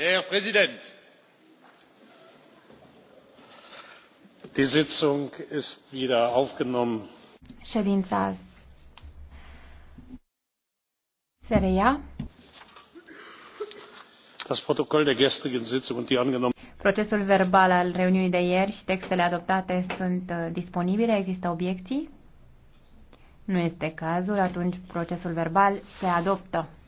herr präsident! die sitzung ist wieder aufgenommen. ședința se reia. das protokoll der gestrigen sitzung und die angenommenen. procesul verbal al reuniunii de ieri și textele adoptate sunt uh, disponibile. există obiecții? nu este cazul. atunci procesul verbal se adoptă.